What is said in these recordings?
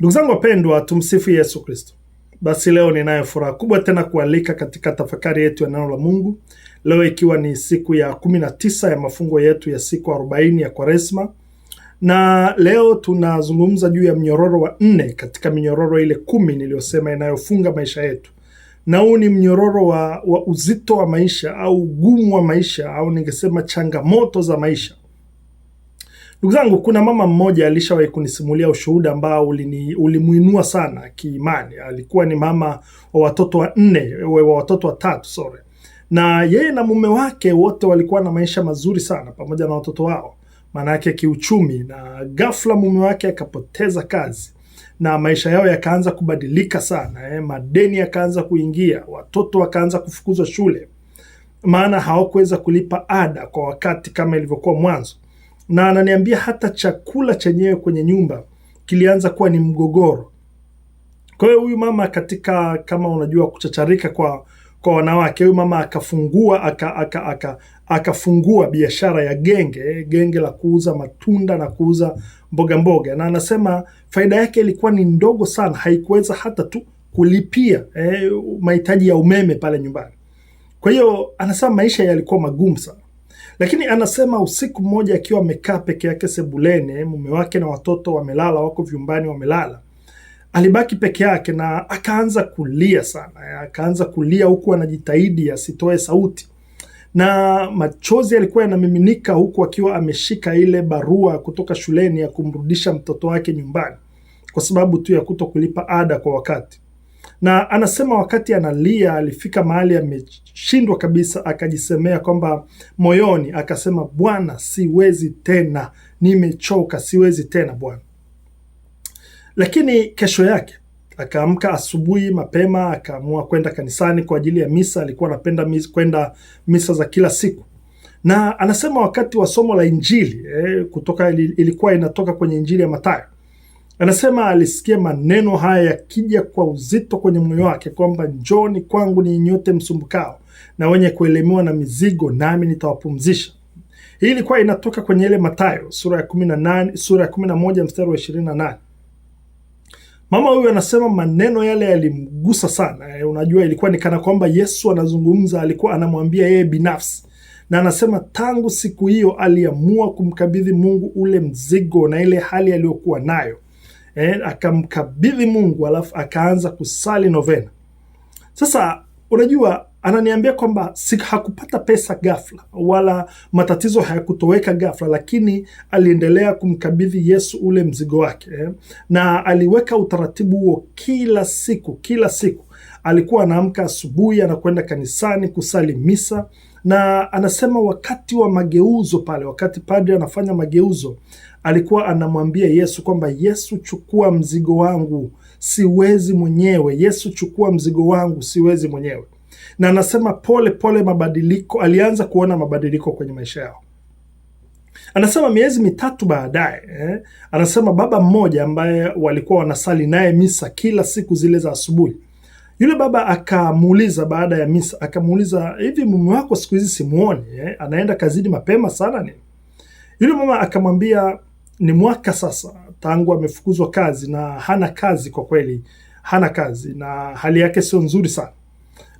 Ndugu zangu wapendwa, tumsifu Yesu Kristo. Basi leo ninayo furaha kubwa tena kualika katika tafakari yetu ya neno la Mungu, leo ikiwa ni siku ya kumi na tisa ya mafungo yetu ya siku arobaini ya Kwaresma, na leo tunazungumza juu ya mnyororo wa nne katika minyororo ile kumi niliyosema inayofunga maisha yetu, na huu ni mnyororo wa, wa uzito wa maisha au ugumu wa maisha au ningesema changamoto za maisha Ndugu zangu, kuna mama mmoja alishawahi kunisimulia ushuhuda ambao ulimuinua sana kiimani. Alikuwa ni mama wa watoto wa nne, wa watoto watatu sorry, na yeye na mume wake wote walikuwa na maisha mazuri sana pamoja na watoto wao, maana yake kiuchumi. Na ghafla mume wake akapoteza kazi na maisha yao yakaanza kubadilika sana eh, madeni yakaanza kuingia, watoto wakaanza kufukuzwa shule, maana hawakuweza kulipa ada kwa wakati kama ilivyokuwa mwanzo na ananiambia hata chakula chenyewe kwenye nyumba kilianza kuwa ni mgogoro. Kwa hiyo huyu mama katika, kama unajua kuchacharika kwa kwa wanawake, huyu mama akafungua aka, aka, aka, akafungua biashara ya genge genge la kuuza matunda na kuuza mboga mboga, na anasema faida yake ilikuwa ni ndogo sana, haikuweza hata tu kulipia eh, mahitaji ya umeme pale nyumbani. Kwa hiyo anasema maisha yalikuwa magumu sana. Lakini anasema usiku mmoja akiwa amekaa peke yake sebuleni, mume wake na watoto wamelala, wako vyumbani wamelala, alibaki peke yake na akaanza kulia sana. Akaanza kulia huku anajitahidi asitoe sauti, na machozi yalikuwa yanamiminika, huku akiwa ameshika ile barua kutoka shuleni ya kumrudisha mtoto wake nyumbani, kwa sababu tu ya kuto kulipa ada kwa wakati na anasema wakati analia alifika mahali ameshindwa kabisa, akajisemea kwamba moyoni, akasema Bwana, siwezi tena, nimechoka, siwezi tena Bwana. Lakini kesho yake akaamka asubuhi mapema, akaamua kwenda kanisani kwa ajili ya misa. Alikuwa anapenda mis, kwenda misa za kila siku, na anasema wakati wa somo la Injili eh, kutoka ilikuwa inatoka kwenye Injili ya Mathayo Anasema alisikia maneno haya yakija kwa uzito kwenye moyo wake kwamba njoni kwangu ni nyote msumbukao na wenye kuelemewa na mizigo, nami nitawapumzisha. Hii ilikuwa inatoka kwenye ile Mathayo sura ya 18, sura ya 11 mstari wa 28. Mama huyu anasema maneno yale yalimgusa sana. Eh, unajua, ilikuwa ni kana kwamba Yesu anazungumza, alikuwa anamwambia yeye binafsi, na anasema tangu siku hiyo aliamua kumkabidhi Mungu ule mzigo na ile hali aliyokuwa nayo eh, akamkabidhi Mungu alafu akaanza kusali novena. Sasa unajua ananiambia kwamba hakupata pesa ghafla wala matatizo hayakutoweka ghafla, lakini aliendelea kumkabidhi Yesu ule mzigo wake eh, na aliweka utaratibu huo kila siku. Kila siku alikuwa anaamka asubuhi, anakwenda kanisani kusali misa na anasema wakati wa mageuzo pale, wakati padre anafanya mageuzo, alikuwa anamwambia Yesu kwamba Yesu, chukua mzigo wangu, siwezi mwenyewe. Yesu, chukua mzigo wangu, siwezi mwenyewe. Na anasema pole pole mabadiliko, alianza kuona mabadiliko kwenye maisha yao. Anasema miezi mitatu baadaye eh, anasema baba mmoja ambaye walikuwa wanasali naye misa kila siku zile za asubuhi yule baba akamuuliza baada ya misa, akamuuliza hivi, mume wako siku hizi simuoni eh? anaenda kazini mapema sana ni? Yule mama akamwambia ni mwaka sasa tangu amefukuzwa kazi na hana kazi, kwa kweli hana kazi na hali yake sio nzuri sana.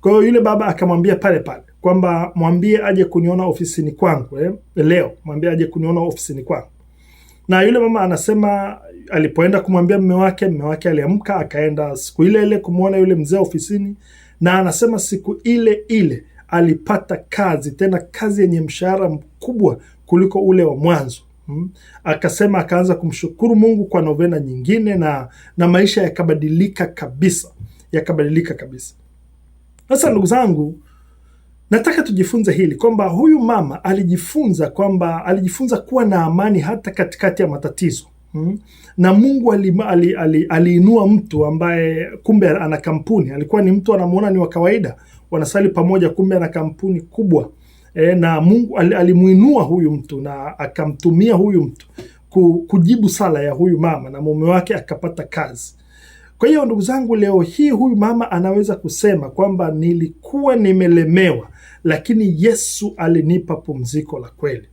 Kwa hiyo yule baba akamwambia pale pale kwamba mwambie aje kuniona ofisini kwangu eh, leo mwambie aje kuniona ofisini kwangu. Na yule mama anasema alipoenda kumwambia mme wake, mme wake aliamka akaenda siku ile ile kumwona yule mzee ofisini, na anasema siku ile ile alipata kazi, tena kazi yenye mshahara mkubwa kuliko ule wa mwanzo. Hmm. Akasema akaanza kumshukuru Mungu kwa novena nyingine na, na maisha yakabadilika kabisa, yakabadilika kabisa. Sasa ndugu zangu, nataka tujifunze hili kwamba huyu mama alijifunza kwamba alijifunza kuwa na amani hata katikati ya matatizo. Hmm. Na Mungu aliinua ali, ali, ali mtu ambaye kumbe ana kampuni, alikuwa ni mtu anamuona ni wa kawaida, wanasali pamoja, kumbe ana kampuni kubwa e, na Mungu alimuinua huyu mtu na akamtumia huyu mtu kujibu sala ya huyu mama na mume wake akapata kazi. Kwa hiyo ndugu zangu, leo hii huyu mama anaweza kusema kwamba nilikuwa nimelemewa, lakini Yesu alinipa pumziko la kweli.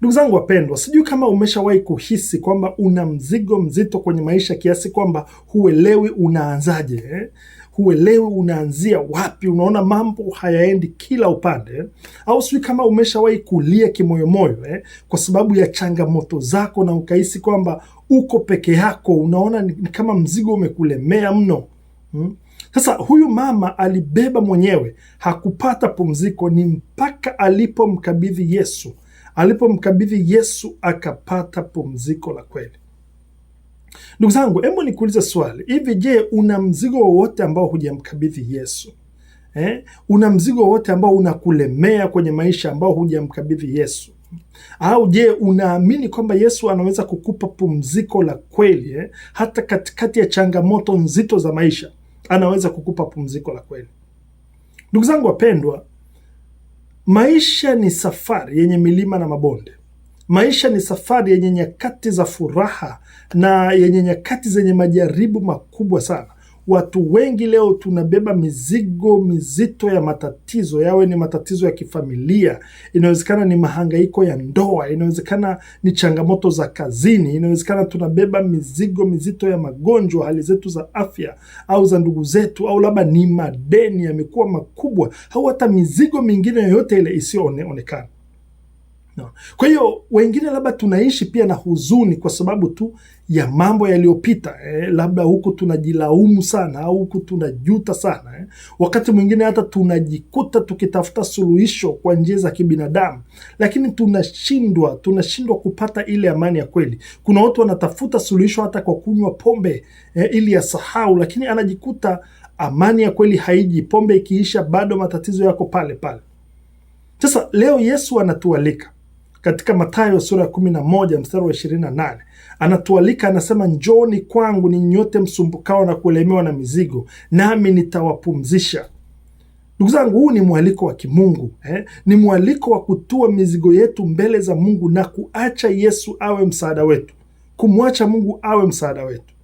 Ndugu zangu wapendwa, sijui kama umeshawahi kuhisi kwamba una mzigo mzito kwenye maisha kiasi kwamba huelewi unaanzaje eh? Huelewi unaanzia wapi, unaona mambo hayaendi kila upande eh? Au sijui kama umeshawahi kulia kimoyomoyo eh? Kwa sababu ya changamoto zako na ukahisi kwamba uko peke yako, unaona ni kama mzigo umekulemea mno hmm? Sasa huyu mama alibeba mwenyewe, hakupata pumziko, ni mpaka alipomkabidhi Yesu alipomkabidhi Yesu akapata pumziko la kweli. Ndugu zangu, hebu nikuulize swali hivi, je, una mzigo wowote ambao hujamkabidhi Yesu? Eh, una mzigo wowote ambao unakulemea kwenye maisha ambao hujamkabidhi Yesu? Au je, unaamini kwamba Yesu anaweza kukupa pumziko la kweli eh? Hata katikati ya changamoto nzito za maisha anaweza kukupa pumziko la kweli. Ndugu zangu wapendwa, Maisha ni safari yenye milima na mabonde. Maisha ni safari yenye nyakati za furaha na yenye nyakati zenye majaribu makubwa sana. Watu wengi leo tunabeba mizigo mizito ya matatizo, yawe ni matatizo ya kifamilia, inawezekana ni mahangaiko ya ndoa, inawezekana ni changamoto za kazini, inawezekana tunabeba mizigo mizito ya magonjwa, hali zetu za afya au za ndugu zetu, au labda ni madeni yamekuwa makubwa, au hata mizigo mingine yoyote ile isiyoonekana. No. Kwa hiyo wengine labda tunaishi pia na huzuni kwa sababu tu ya mambo yaliyopita eh, labda huku tunajilaumu sana au huku tunajuta sana eh. Wakati mwingine hata tunajikuta tukitafuta suluhisho kwa njia za kibinadamu, lakini tunashindwa tunashindwa kupata ile amani ya kweli. Kuna watu wanatafuta suluhisho hata kwa kunywa pombe eh, ili yasahau, lakini anajikuta amani ya kweli haiji. Pombe ikiisha, bado matatizo yako pale pale. Sasa leo Yesu anatualika katika Mathayo sura ya kumi na moja mstari wa ishirini na nane anatualika anasema, njoni kwangu ni nyote msumbukao na kuelemewa na mizigo, nami nitawapumzisha. Ndugu zangu, huu ni mwaliko wa kimungu eh? Ni mwaliko wa kutua mizigo yetu mbele za Mungu na kuacha Yesu awe msaada wetu, kumwacha Mungu awe msaada wetu.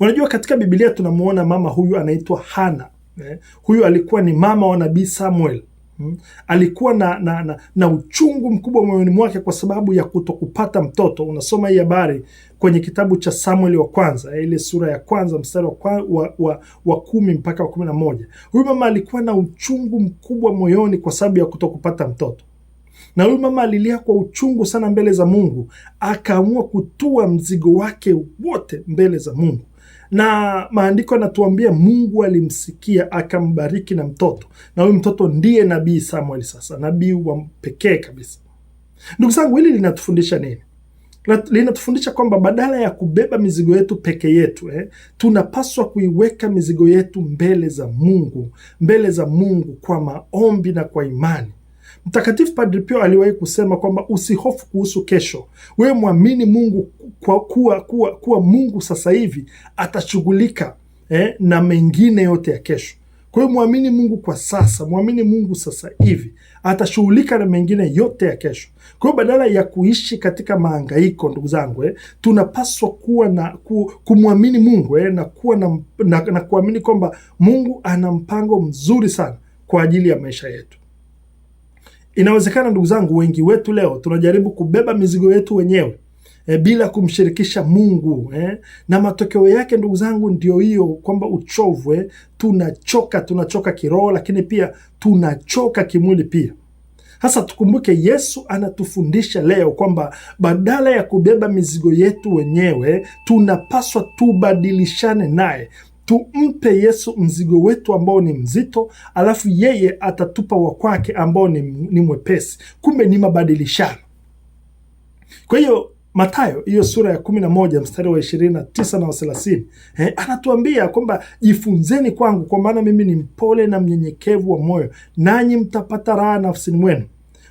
Unajua, katika Biblia tunamwona mama huyu anaitwa Hana eh? Huyu alikuwa ni mama wa nabii Samuel Hmm? alikuwa na, na, na, na uchungu mkubwa moyoni mwake kwa sababu ya kutokupata mtoto. Unasoma hii habari kwenye kitabu cha Samueli wa kwanza eh, ile sura ya kwanza mstari wa, wa, wa, wa kumi mpaka wa kumi na moja. Huyu mama alikuwa na uchungu mkubwa moyoni kwa sababu ya kutokupata mtoto na huyu mama alilia kwa uchungu sana mbele za Mungu, akaamua kutua mzigo wake wote mbele za Mungu na maandiko yanatuambia Mungu alimsikia akambariki na mtoto, na huyu mtoto ndiye nabii Samuel, sasa nabii wa pekee kabisa. Ndugu zangu, hili linatufundisha nini? Linatufundisha kwamba badala ya kubeba mizigo yetu peke yetu eh, tunapaswa kuiweka mizigo yetu mbele za Mungu, mbele za Mungu kwa maombi na kwa imani. Mtakatifu Padre Pio aliwahi kusema kwamba usihofu kuhusu kesho, wewe mwamini Mungu kwa kuwa, kuwa, kuwa Mungu sasa hivi atashughulika eh, na mengine yote ya kesho. Kwa hiyo mwamini Mungu kwa sasa, mwamini Mungu sasa hivi atashughulika na mengine yote ya kesho. Kwa hiyo badala ya kuishi katika mahangaiko, ndugu zangu eh, tunapaswa kuwa na ku, kumwamini Mungu eh, na kuwa na, na, na kuamini kwamba Mungu ana mpango mzuri sana kwa ajili ya maisha yetu. Inawezekana ndugu zangu, wengi wetu leo tunajaribu kubeba mizigo yetu wenyewe e, bila kumshirikisha Mungu eh, na matokeo yake ndugu zangu ndio hiyo kwamba uchovu eh, tunachoka, tunachoka kiroho, lakini pia tunachoka kimwili pia. Hasa tukumbuke Yesu anatufundisha leo kwamba badala ya kubeba mizigo yetu wenyewe tunapaswa tubadilishane naye, Tumpe Yesu mzigo wetu ambao ni mzito, alafu yeye atatupa wa kwake ambao ni, ni mwepesi. Kumbe ni mabadilishano. Kwa hiyo Mathayo hiyo sura ya kumi na moja mstari wa ishirini na tisa na wa thelathini eh, anatuambia kwamba jifunzeni kwangu, kwa maana mimi ni mpole na mnyenyekevu wa moyo, nanyi mtapata raha nafsini mwenu,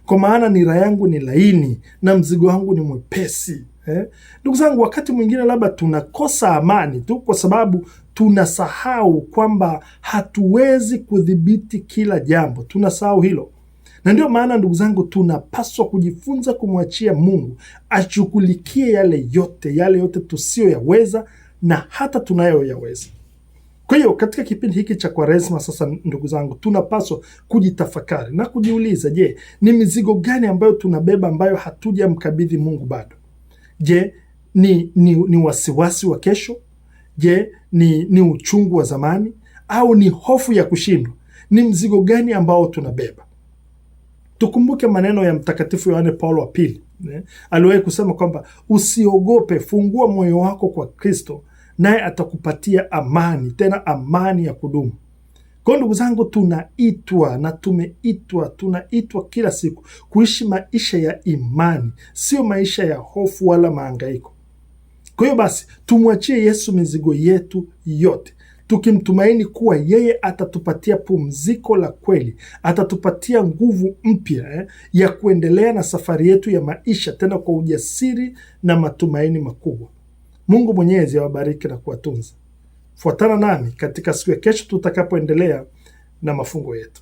kwa maana nira yangu ni laini na mzigo wangu ni mwepesi. Eh. Ndugu eh, zangu, wakati mwingine labda tunakosa amani tu kwa sababu tunasahau kwamba hatuwezi kudhibiti kila jambo, tunasahau hilo. Na ndio maana ndugu zangu, tunapaswa kujifunza kumwachia Mungu ashughulikie yale yote, yale yote tusiyoyaweza na hata tunayoyaweza. Kwa hiyo katika kipindi hiki cha Kwaresma sasa, ndugu zangu, tunapaswa kujitafakari na kujiuliza, je, ni mizigo gani ambayo tunabeba ambayo hatujamkabidhi Mungu bado? Je, ni, ni, ni wasiwasi wa kesho? Je, ni, ni uchungu wa zamani au ni hofu ya kushindwa? Ni mzigo gani ambao tunabeba? Tukumbuke maneno ya Mtakatifu Yohane Paulo wa Pili aliwahi kusema kwamba usiogope, fungua moyo wako kwa Kristo naye atakupatia amani, tena amani ya kudumu. Kwa ndugu zangu, tunaitwa na tumeitwa, tunaitwa kila siku kuishi maisha ya imani, sio maisha ya hofu wala maangaiko. Kwa hiyo basi tumwachie Yesu mizigo yetu yote, tukimtumaini kuwa yeye atatupatia pumziko la kweli, atatupatia nguvu mpya eh, ya kuendelea na safari yetu ya maisha, tena kwa ujasiri na matumaini makubwa. Mungu Mwenyezi awabariki na kuwatunza. Fuatana nami katika siku ya kesho tutakapoendelea na mafungo yetu.